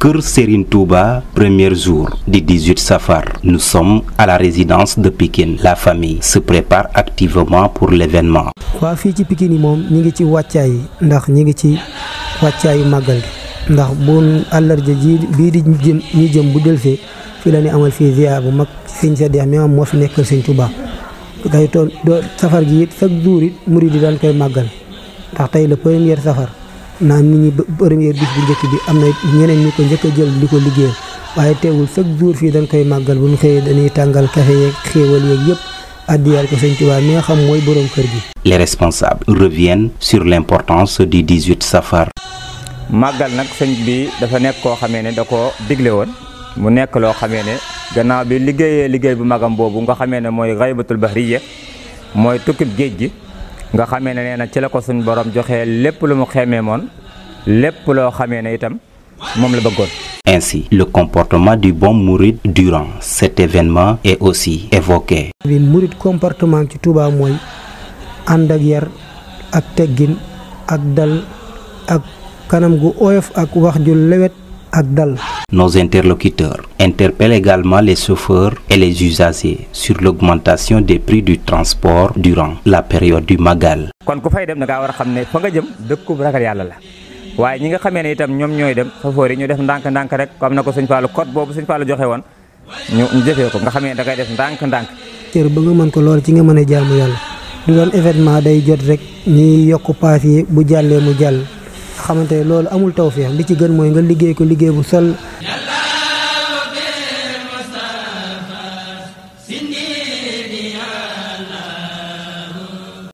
Kër Serigne Touba, premier jour di 18 Safar. Nous sommes à la résidence de Pikine. La famille se prépare activement pour l'événement. waa fii ci Pikine yi moom ñi ngi ci wàccaay ndax ñi ngi ci wàccaayu màggal ndax bu àllarja ji bii di jëm ñu jëm bu delfee fii la ñuy amal fii ziar bu mag sëñ sa deex mi moo fi nekk Kër Serigne Touba. safar gi it chaque jour it murid yi daan koy màggal. ndax tey le premier safar naan nit ñi premier bis bu njëkk bi am na ñeneen ñi ko njëkk jël di ko liggéey waaye teewul chaque jour fii dañ koy màggal bu ñu xëyee dañuy tàngal kafe yeeg xéewal yëpp addiyaal ko sëñ Tuubaa mi nga xam mooy borom kër gi. les responsables reviennent sur l'importance du 18 safar. màggal nag sëñ bi dafa nekk koo xamee ne da ko digle woon mu nekk loo xamee ne gannaaw bi liggéeyee liggéey bu magam boobu nga xamee ne mooy raybatul bahriya mooy tukkib géej gi. nga xamee ne nee na ci la ko suñ borom joxe lépp lu mu xemee moon lépp loo xamee ne itam moom la bëggoon. Ainsi, le comportement du bon mouride durant cet événement est aussi évoqué. bi mouride comportement ci Touba mooy ànd ak yar ak teggin ak dal ak kanam gu oyof ak wax ju lewet ak dal. nos interlocuteurs. Interpelle également les chauffeurs et les usagers sur l'augmentation des prix du transport durant la période du Magal. kon ku fay dem da war a xam ne fa nga jëm dëkkub ragal yàlla la waaye ñi nga xamee ne itam ñoom ñooy dem safoor yi ñu def ndànk-ndànk rek comme na ko suñ faalu code boobu suñ faalu joxe woon ñu jëfee ko nga xamee ne da ngay def ndànk-ndànk. cër ba nga mën ko lool ci nga mën jaamu yàlla du doon événement day jot xamante ne loolu amul tawféex li ci gën mooy nga liggéey ko liggéey bu sell.